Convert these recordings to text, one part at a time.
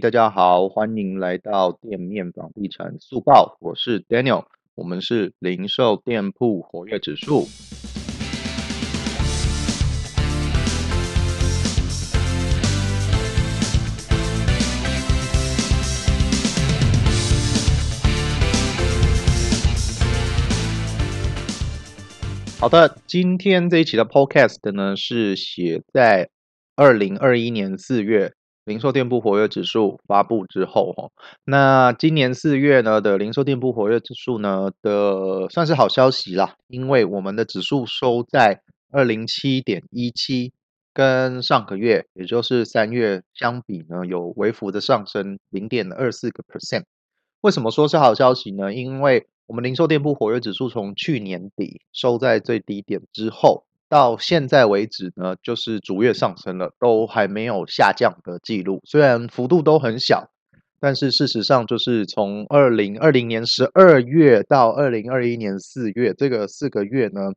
大家好，歡迎來到店面房地產速報。我是 Daniel，我們是零售店鋪活躍指數。好的，今天這一期的 Podcast 呢，是寫在二零二一年四月。零售店鋪活躍指數發布之後，哦，那今年四月呢的零售店鋪活躍指數呢的算是好消息啦，因為我們的指數收在二零七點一七，跟上個月，也就是三月相比呢有微幅的上升零點二四個 percent。為什麼說是好消息呢？因為我們零售店鋪活躍指數從去年底收在最低點之後。到現在為止呢，就是逐月上升了，都還沒有下降的記錄。雖然幅度都很小，但是事實上就是從二零二零年十二月到二零二一年四月這個四個月呢，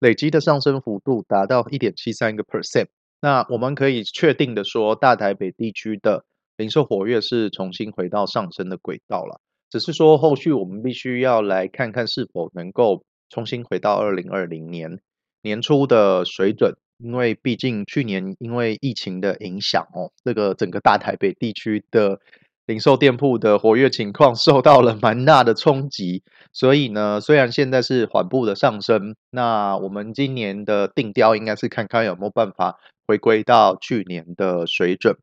累積的上升幅度達到一點七三個 percent。那我們可以確定的說，大台北地區的零售活躍是重新回到上升的軌道了。只是說後續我們必須要來看看是否能夠重新回到二零二零年。年初的水準，因為畢竟去年因為疫情的影響哦，這個整個大台北地區的零售店鋪的活躍情況受到了蠻大的衝擊，所以呢，雖然現在是緩步的上升，那我們今年的定調應該是看看有沒有辦法回歸到去年的水準。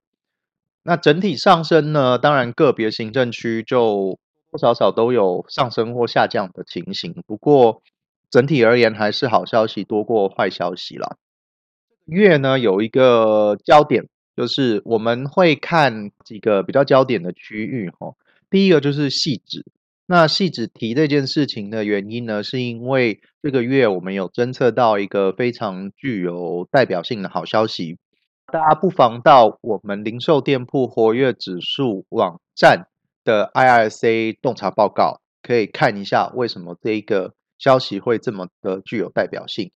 那整體上升呢，當然個別行政區就多多少少都有上升或下降的情形，不過，整體而言還是好消息多過壞消息啦。月呢，有一個焦點，就是我們會看幾個比較焦點的區域哈、哦。第一個就是汐止，那汐止提這件事情的原因呢，是因為這個月我們有偵測到一個非常具有代表性的好消息，大家不妨到我們零售店鋪活躍指數網站的 IRC 洞察報告，可以看一下為什麼這一個。消息會這麼的具有代表性？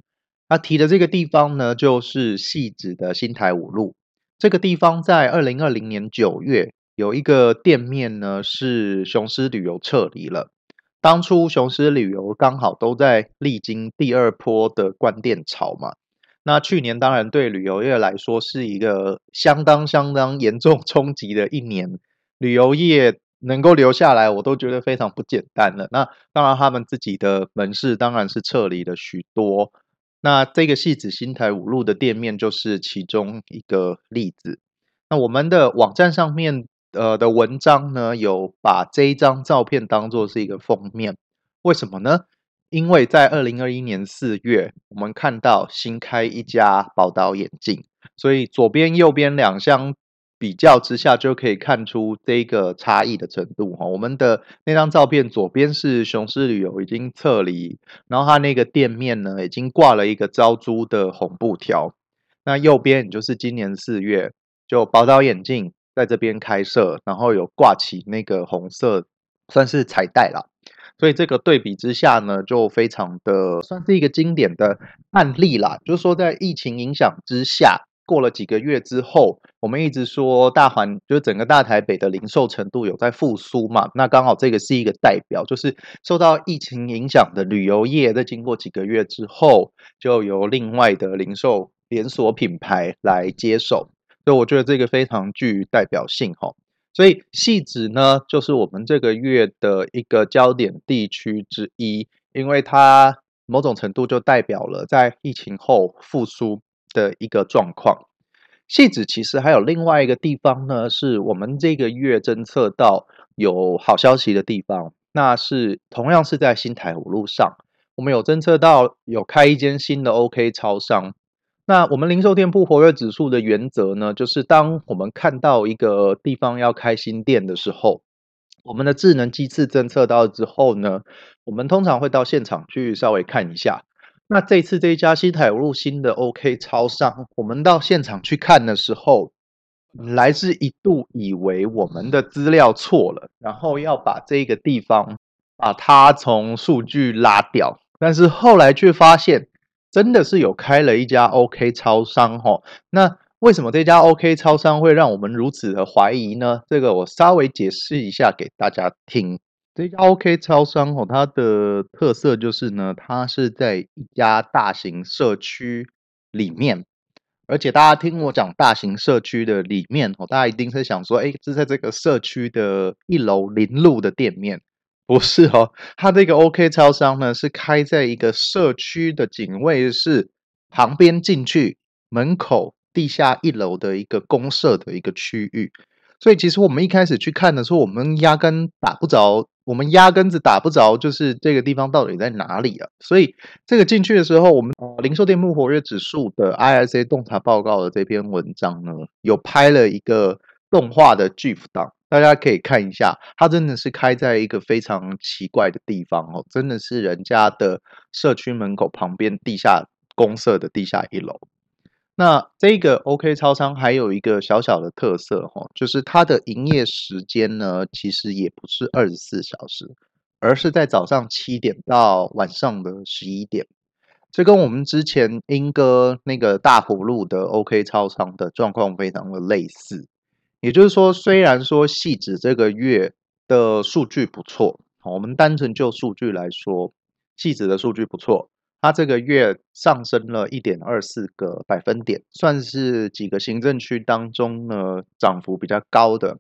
那提的這個地方呢，就是汐止的新台五路。這個地方在二零二零年九月有一個店面呢，是雄獅旅遊撤離了。當初雄獅旅遊剛好都在歷經第二波的關店潮嘛。那去年當然對旅遊業來說是一個相當相當嚴重衝擊的一年，旅遊業。能夠留下來，我都覺得非常不簡單了。那當然，他們自己的門市當然是撤離了許多。那這個汐止新台五路的店面就是其中一個例子。那我們的網站上面呃的文章呢，有把這一張照片當做是一個封面，為什麼呢？因為在二零二一年四月，我們看到新開一家寶島眼鏡，所以左邊右邊兩箱。比較之下就可以看出這個差異的程度哈。我們的那張照片左邊是雄獅旅遊已經撤離，然後它那個店面呢已經掛了一個招租的紅布條。那右邊也就是今年四月，就寶島眼鏡在這邊開設，然後有掛起那個紅色算是彩帶啦。所以這個對比之下呢，就非常的算是一個經典的案例啦。就是說在疫情影響之下。過了幾個月之後，我們一直說大環就是整個大台北的零售程度有在復甦嘛？那剛好這個是一個代表，就是受到疫情影響的旅遊業，在經過幾個月之後，就由另外的零售連鎖品牌來接手，所以我覺得這個非常具代表性哈。所以汐止呢，就是我們這個月的一個焦點地區之一，因為它某種程度就代表了在疫情後復甦。的一個狀況。汐止其實還有另外一個地方呢，是我們這個月偵測到有好消息的地方，那是同樣是在新台五路上，我們有偵測到有開一間新的 OK 超商。那我們零售店鋪活躍指數的原則呢，就是當我們看到一個地方要開新店的時候，我們的智能機制偵測到之後呢，我們通常會到現場去稍微看一下。那這次這一家新台五路新的 OK 超商，我們到現場去看的時候，本來是一度以為我們的資料錯了，然後要把這個地方把它從數據拉掉，但是後來卻發現真的是有開了一家 OK 超商哈。那為什麼這家 OK 超商會讓我們如此的懷疑呢？這個我稍微解釋一下給大家聽。這家 OK 超商哦，它的特色就是呢，它是在一家大型社區裡面，而且大家聽我講大型社區的裡面哦，大家一定是想說，哎，是在這個社區的一樓臨路的店面，不是哦，它這個 OK 超商呢是開在一個社區的警衛室旁邊進去門口地下一樓的一個公社的一個區域，所以其實我們一開始去看的時候，我們壓根打不着。我們壓根子打不着，就是這個地方到底在哪裡啊？所以這個進去的時候，我們零售店鋪活躍指數的 ISA 洞察報告的這篇文章呢，有拍了一個動畫的 GIF 檔，大家可以看一下，它真的是開在一個非常奇怪的地方哦，真的是人家的社區門口旁邊地下公社的地下一樓。那這個 OK 超商還有一個小小的特色哈，就是它的營業時間呢，其實也不是二十四小時，而是在早上七點到晚上的十一點。這跟我們之前鶯歌那個大湖路的 OK 超商的狀況非常的類似。也就是說，雖然說汐止這個月的數據不錯，我們單純就數據來說，汐止的數據不錯。它這個月上升了一點二四個百分點，算是幾個行政區當中呢漲幅比較高的。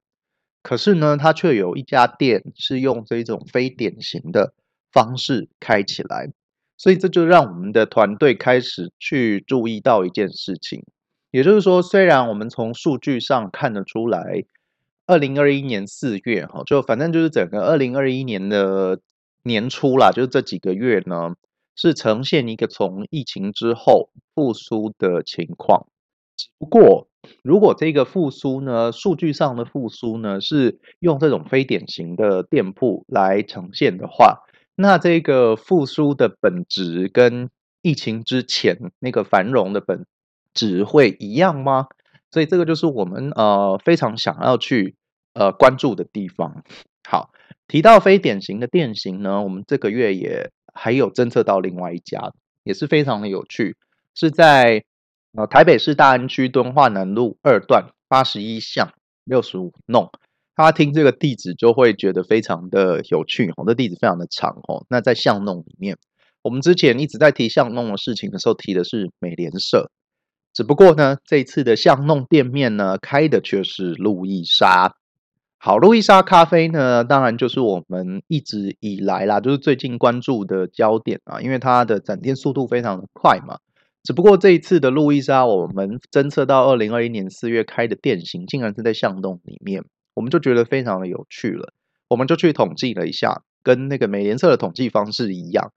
可是呢，它卻有一家店是用這種非典型的方式開起來，所以這就讓我們的團隊開始去注意到一件事情，也就是說，雖然我們從數據上看得出來，二零二一年四月哈，就反正就是整個二零二一年的年初啦，就是這幾個月呢。是呈現一個從疫情之後復甦的情況，不過如果這個復甦呢，數據上的復甦呢，是用這種非典型的店鋪來呈現的話，那這個復甦的本質跟疫情之前那個繁榮的本質會一樣嗎？所以這個就是我們呃非常想要去呃關注的地方。好，提到非典型的店型呢，我們這個月也。還有偵測到另外一家，也是非常的有趣，是在，呃、台北市大安區敦化南路二段八十一巷六十五弄。大家聽這個地址就會覺得非常的有趣哦，這地址非常的長哦。那在巷弄裡面，我們之前一直在提巷弄的事情的時候，提的是美聯社，只不過呢，這次的巷弄店面呢，開的卻是路易莎。好，路易莎咖啡呢，當然就是我們一直以來啦，就是最近關注的焦點啊，因為它的展店速度非常的快嘛。只不過這一次的路易莎，我們偵測到二零二一年四月開的店型，竟然是在巷弄裡面，我們就覺得非常的有趣了。我們就去統計了一下，跟那個美聯社的統計方式一樣，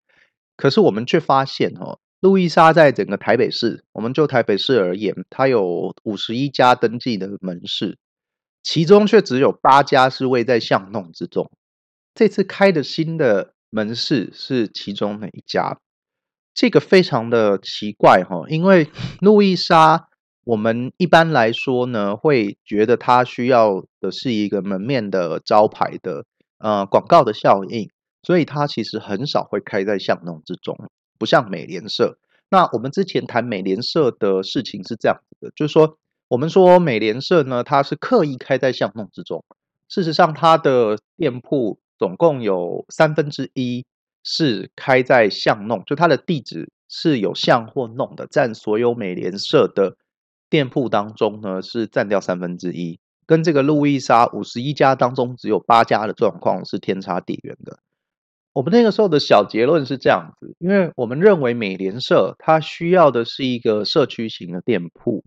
可是我們卻發現哈、哦，路易莎在整個台北市，我們就台北市而言，它有五十一家登記的門市。其中卻只有八家是位在巷弄之中。這次開的新的門市是其中哪一家？這個非常的奇怪哈，因為路易莎，我們一般來說呢，會覺得它需要的是一個門面的招牌的呃廣告的效應，所以它其實很少會開在巷弄之中，不像美聯社。那我們之前談美聯社的事情是這樣子的，就是說。我們說美廉社呢，它是刻意開在巷弄之中。事實上，它的店鋪總共有三分之一是開在巷弄，就它的地址是有巷或弄的，占所有美廉社的店鋪當中呢，是占掉三分之一，跟這個路易莎五十一家當中只有八家的狀況是天差地遠的。我們那個時候的小結論是這樣子，因為我們認為美廉社它需要的是一個社區型的店鋪。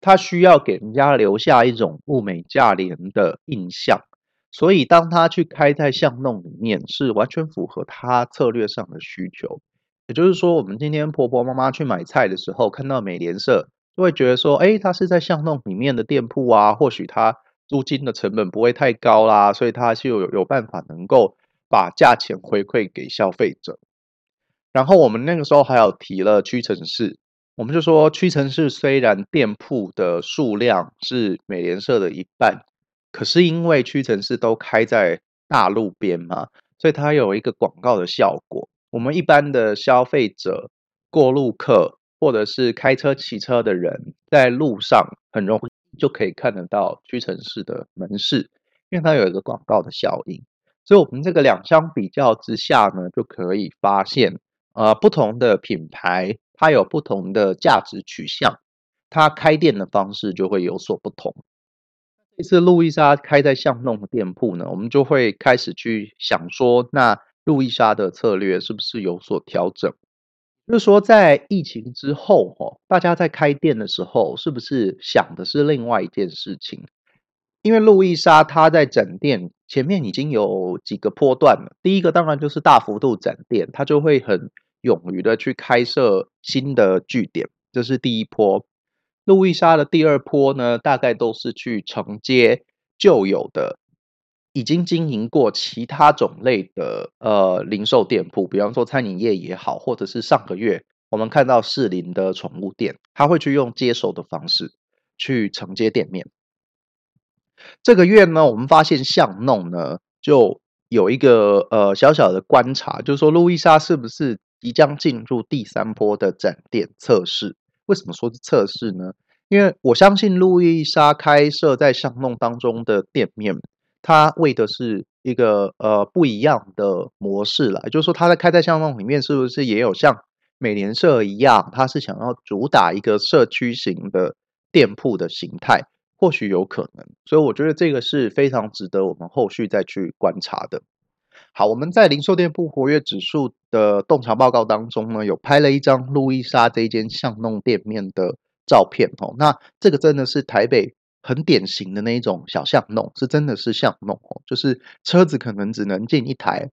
他需要給人家留下一種物美價廉的印象，所以當他去開在巷弄裡面，是完全符合他策略上的需求。也就是說，我們今天婆婆媽媽去買菜的時候，看到美廉社，就會覺得說，哎、欸，他是在巷弄裡面的店鋪啊，或許他租金的成本不會太高啦，所以他就有有辦法能夠把價錢回饋給消費者。然後我們那個時候還有提了屈臣氏。我們就說屈臣氏雖然店鋪的數量是美廉社的一半，可是因為屈臣氏都開在大路邊嘛，所以它有一個廣告的效果。我們一般的消費者、過路客或者是開車、騎車的人，在路上很容易就可以看得到屈臣氏的門市，因為它有一個廣告的效應。所以，我們這個兩相比較之下呢，就可以發現，呃，不同的品牌。它有不同的價值取向，它開店的方式就會有所不同。這次路易莎開在巷弄的店鋪呢，我們就會開始去想說，那路易莎的策略是不是有所調整？就是說，在疫情之後，哦，大家在開店的時候，是不是想的是另外一件事情？因為路易莎她在展店前面已經有幾個波段了，第一個當然就是大幅度展店，它就會很。勇於的去開設新的據點，這是第一波。路易莎的第二波呢，大概都是去承接舊有的、已經經營過其他種類的呃零售店鋪，比方說餐飲業也好，或者是上個月我們看到士林的寵物店，他會去用接手的方式去承接店面。這個月呢，我們發現巷弄呢就有一個呃小小的觀察，就是說路易莎是不是？即將進入第三波的展店測試，為什麼說是測試呢？因為我相信路易莎開設在巷弄當中的店面，它為的是一個呃不一樣的模式啦。也就是說，它在開在巷弄裡面，是不是也有像美聯社一樣，它是想要主打一個社區型的店鋪的形態？或許有可能，所以我覺得這個是非常值得我們後續再去觀察的。好，我們在零售店鋪活躍指數。的洞察報告當中呢，有拍了一張路易莎這間巷弄店面的照片哦。那這個真的是台北很典型的那一種小巷弄，是真的是巷弄哦，就是車子可能只能進一台。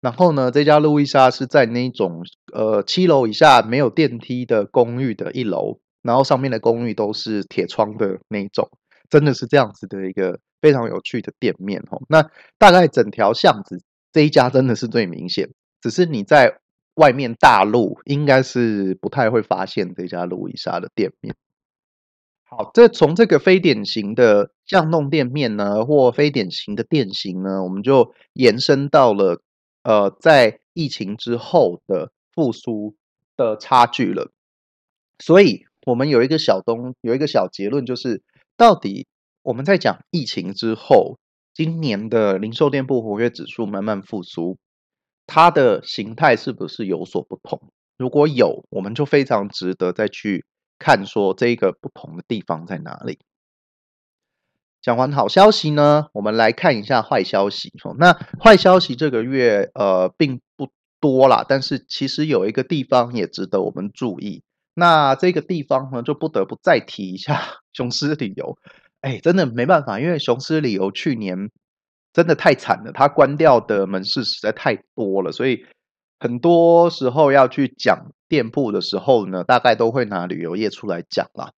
然後呢，這家路易莎是在那種呃七樓以下沒有電梯的公寓的一樓，然後上面的公寓都是鐵窗的那一種，真的是這樣子的一個非常有趣的店面哦。那大概整條巷子，這一家真的是最明顯。只是你在外面大陸應該是不太會發現這家路易莎的店面。好，這從這個非典型的巷弄店面呢，或非典型的店型呢，我們就延伸到了呃，在疫情之後的復甦的差距了。所以，我們有一個小東，有一個小結論，就是到底我們在講疫情之後，今年的零售店鋪活躍指數慢慢復甦。它的形態是不是有所不同？如果有，我們就非常值得再去看，說這個不同的地方在哪裡。講完好消息呢，我們來看一下壞消息。那壞消息這個月呃，並不多啦，但是其實有一個地方也值得我們注意。那這個地方呢，就不得不再提一下雄獅旅遊。哎、欸，真的沒辦法，因為雄獅旅遊去年。真的太慘了，他關掉的門市實在太多了，所以很多時候要去講店鋪的時候呢，大概都會拿旅遊業出來講啦。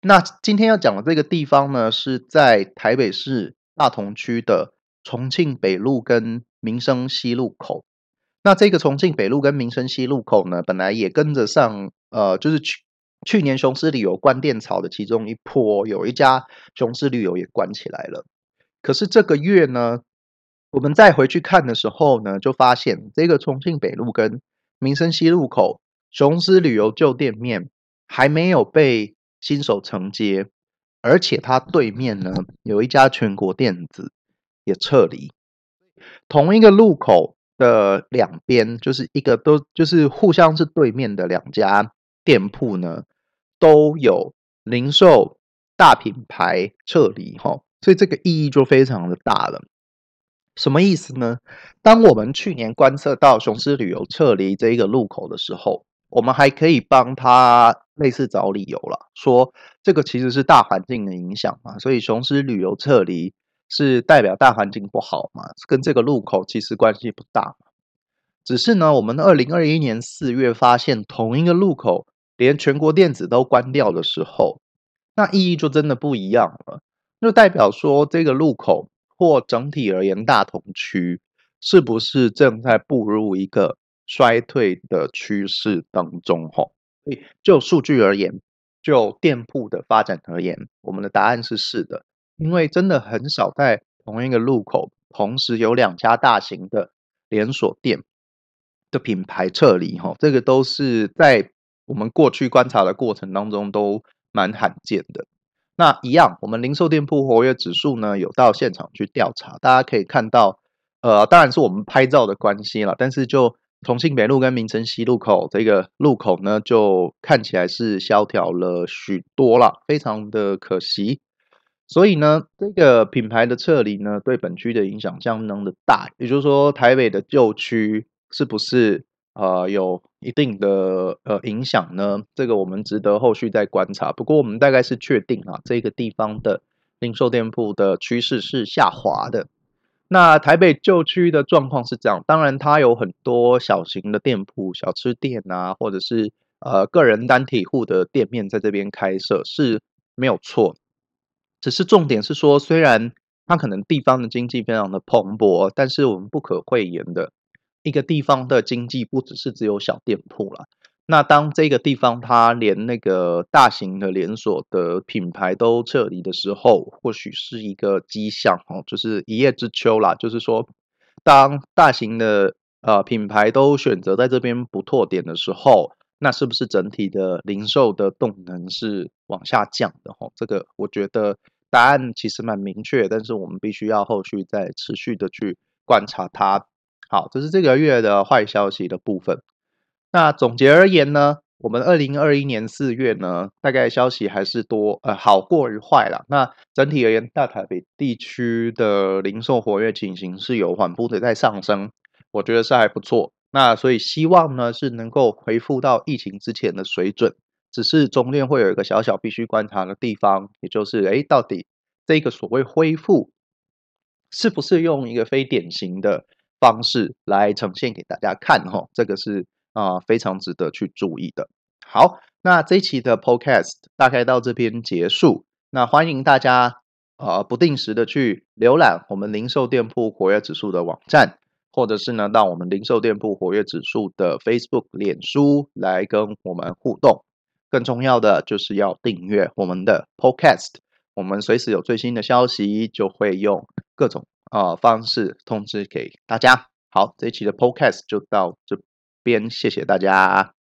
那今天要講的這個地方呢，是在台北市大同區的重慶北路跟民生西路口。那這個重慶北路跟民生西路口呢，本來也跟着上，呃，就是去去年雄獅旅遊關店潮的其中一波，有一家雄獅旅遊也關起來了。可是這個月呢，我們再回去看的時候呢，就發現這個重慶北路跟民生西路口，雄獅旅遊舊店面還沒有被新手承接，而且它對面呢，有一家全國電子也撤離。同一個路口的兩邊，就是一個都就是互相是對面的兩家店鋪呢，都有零售大品牌撤離，吼。所以這個意義就非常的大了。什麼意思呢？當我們去年觀測到雄獅旅遊撤離這一個路口的時候，我們還可以幫他類似找理由了，說這個其實是大環境的影響嘛。所以雄獅旅遊撤離是代表大環境不好嘛，跟這個路口其實關係不大嘛。只是呢，我們二零二一年四月發現同一個路口連全國電子都關掉的時候，那意義就真的不一樣了。就代表說，這個路口或整體而言，大同區是不是正在步入一個衰退的趨勢當中？哈，誒，就數據而言，就店鋪的發展而言，我們的答案是是的，因為真的很少在同一個路口同時有兩家大型的連鎖店的品牌撤離。哈，這個都是在我們過去觀察的過程當中都蠻罕見的。那一樣，我們零售店鋪活躍指數呢有到現場去調查，大家可以看到，呃，當然是我們拍照的關係了，但是就重慶北路跟民生西路口這個路口呢，就看起來是蕭條了許多了，非常的可惜。所以呢，這個品牌的撤離呢，對本區的影響相當的大，也就是說，台北的舊區是不是？呃，有一定的呃影響呢，這個我們值得後續再觀察。不過我們大概是確定啊，這個地方的零售店鋪的趨勢是下滑的。那台北舊區的狀況是這樣，當然它有很多小型的店鋪、小吃店啊，或者是呃個人單體戶的店面在這邊開設是沒有錯，只是重點是說，雖然它可能地方的經濟非常的蓬勃，但是我們不可諱言的。一個地方的經濟不只是只有小店鋪啦。那當這個地方它連那個大型的連鎖的品牌都撤離的時候，或許是一個跡象，就是一葉知秋啦。就是說，當大型的呃品牌都選擇在這邊不拓點的時候，那是不是整體的零售的動能是往下降的？哈，這個我覺得答案其實蠻明確，但是我們必須要後續再持續的去觀察它。好，這是這個月的壞消息的部分。那總結而言呢，我們二零二一年四月呢，大概消息還是多，呃，好過於壞了。那整體而言，大台北地區的零售活躍情形是有緩步的在上升，我覺得是還不錯。那所以希望呢是能夠恢復到疫情之前的水準。只是中間會有一個小小必須觀察的地方，也就是，哎，到底這個所謂恢復，是不是用一個非典型的？方式來呈現給大家看吼、哦，這個是啊、呃、非常值得去注意的。好，那這一期的 Podcast 大概到這邊結束。那歡迎大家啊、呃、不定時的去瀏覽我們零售店鋪活躍指數的網站，或者是呢到我們零售店鋪活躍指數的 Facebook、臉書來跟我們互動。更重要的就是要訂閱我們的 Podcast，我們隨時有最新的消息就會用各種。啊，方式通知給大家。好，這一期的 Podcast 就到這邊，謝謝大家。